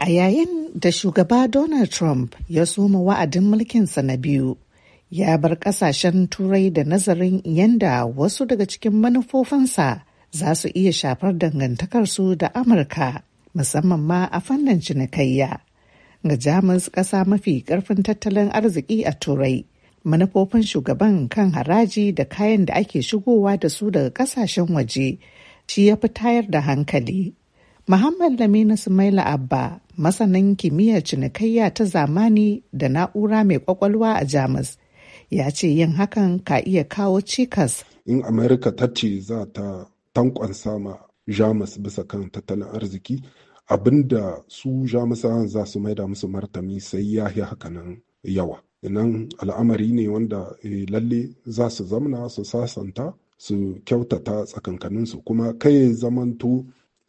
A yayin da shugaba Donald Trump ya soma wa'adin mulkinsa na biyu, ya bar kasashen turai da nazarin yanda wasu daga cikin manufofinsa za su iya shafar dangantakarsu da Amurka, musamman ma a fannin cinikayya. Ga Jamus ƙasa mafi ƙarfin tattalin arziki a turai, manufofin shugaban kan haraji da kayan da ake shigowa da su daga ƙasashen waje, shi ya fi tayar da hankali. Muhammad Lamina Sumaila Abba masanin kimiyyar cinikayya ta zamani da na'ura mai kwakwalwa a Jamus ya ce yin hakan ka iya kawo cikas. In Amerika ta ce za ta tankon sama Jamus bisa kan tattalin arziki abinda su Jamusawan za su maida musu martami sai ya yi hakanan yawa. inan al'amari ne wanda eh, lalle za su zamna su sasanta su kyautata tsakankaninsu kuma kai zamanto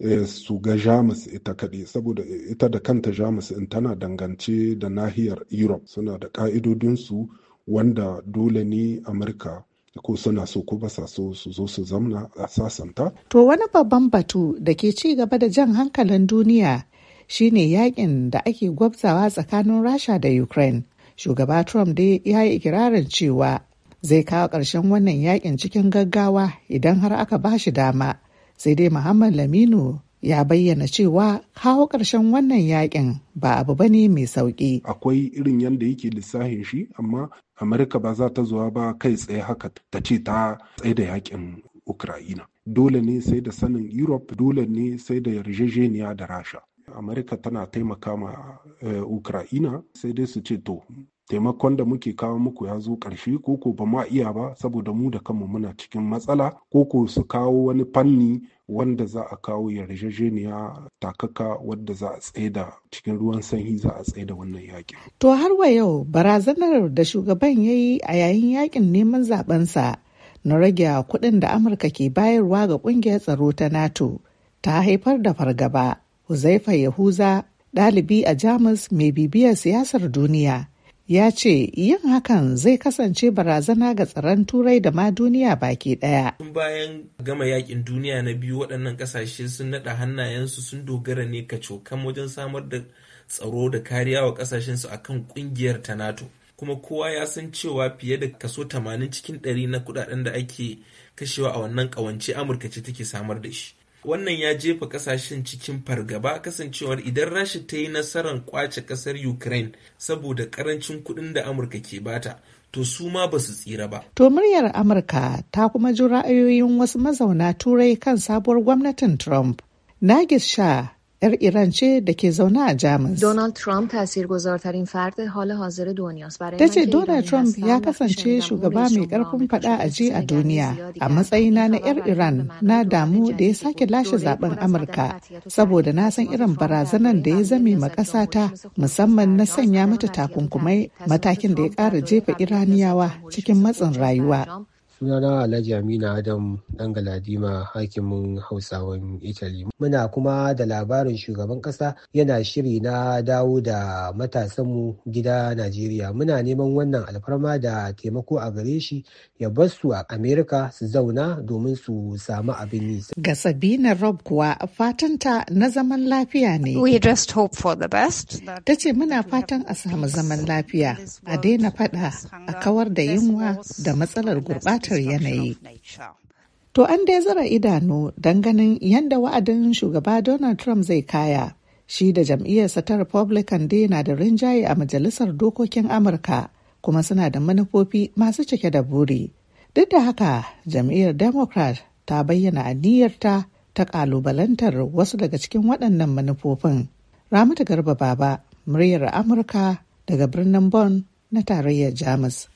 Eh, su ga jamus ita kaɗai saboda eh, ita da kanta jamus in tana dangance da nahiyar europe suna da ƙa'idodinsu wanda dole ne amurka ko suna so ko basa so su zo su zamna a sasanta. To wani babban batu da ke ci gaba da jan hankalin duniya shine yakin da ake gwabzawa tsakanin Rasha da Ukraine. Shugaba Trump dai ya yi ikirarin cewa zai kawo ƙarshen wannan yakin cikin gaggawa idan har aka ba shi dama. sai dai muhammad laminu ya bayyana cewa kawo ƙarshen wannan yakin ba abu ba ne mai sauƙi. akwai irin yadda yake lissahin shi amma amurka ba za ta zuwa ba kai tsaye haka ta ce ta tsaye da yakin ukraina dole ne sai da sanin europe dole ne sai da yarjejeniya da rasha amurka tana taimaka ma eh, ukraina sai dai su ce to taimakon da muke kawo muku ya zo ƙarshe koko ba ma iya ba saboda mu da kanmu muna cikin matsala koko su kawo wani fanni wanda za a kawo yarjejeniya takaka wadda za a tsaida cikin ruwan sanyi za a tsaida wannan yakin. To har wa yau barazanar da shugaban ya yi a yayin yakin neman zabensa na rage kuɗin da Amurka ke bayarwa ga ƙungiyar tsaro ta NATO ta haifar da fargaba. Huzaifa Yahuza ɗalibi a Jamus mai bibiyar siyasar duniya ya ce yin hakan zai kasance barazana ga tsaron turai da ma duniya baki daya. bayan gama yakin duniya na biyu waɗannan ƙasashe sun naɗa hannayensu sun dogara ne ka kacokan wajen samar da tsaro da kariya wa ƙasashensu kan ƙungiyar ta nato kuma kowa ya san cewa fiye da kaso 80 cikin 100 na kuɗaɗen da ake kashewa a wannan ƙawance amurka ce take samar da shi Wannan ya jefa kasashen cikin fargaba kasancewar idan Rasha ta yi nasarar kwace kasar Ukraine saboda karancin kuɗin da Amurka ke bata, to su ma ba su tsira ba. To muryar Amurka ta kuma ji ra'ayoyin wasu mazauna Turai kan sabuwar gwamnatin Trump. Nagis sha 'yar Iran ce da ke zaune a Jamus. Donald Trump tasirguzartarin فرد حال حاضر دنیاست ta ce Donald Trump ya kasance shugaba mai karfin fada a ji a duniya a matsayina na 'yar Iran na damu da ya sake lashe zaben Amurka saboda na san irin barazanan da ya zame ma kasata musamman na sanya mata takunkumai matakin da ya ƙara jefa Iraniyawa cikin matsin rayuwa. sunana Alhaji amina Adam ɗan Galadima hakimin Hausawan Italy. Muna kuma da labarin shugaban ƙasa yana shiri na dawo da matasanmu gida Najeriya. Muna neman wannan alfarma da taimako a gare shi ya bar su a Amerika su zauna domin su samu abin yi. Ga Sabina Rob kuwa fatanta na zaman lafiya ne. We just hope for the best. Ta ce muna fatan a samu zaman lafiya, a daina faɗa, a kawar da yunwa da matsalar gurɓata gurɓatar yanayi. To an dai zura idanu don ganin yadda wa'adin shugaba Donald Trump zai kaya. Shi da jam'iyyarsa ta Republican dai na da rinjaye a majalisar dokokin Amurka kuma suna da manufofi masu cike da buri. Duk da haka jam'iyyar Democrat ta bayyana aniyarta ta kalubalantar wasu daga cikin waɗannan manufofin. Ramatu Garba Baba, muryar Amurka daga birnin Bonn na tarayyar Jamus.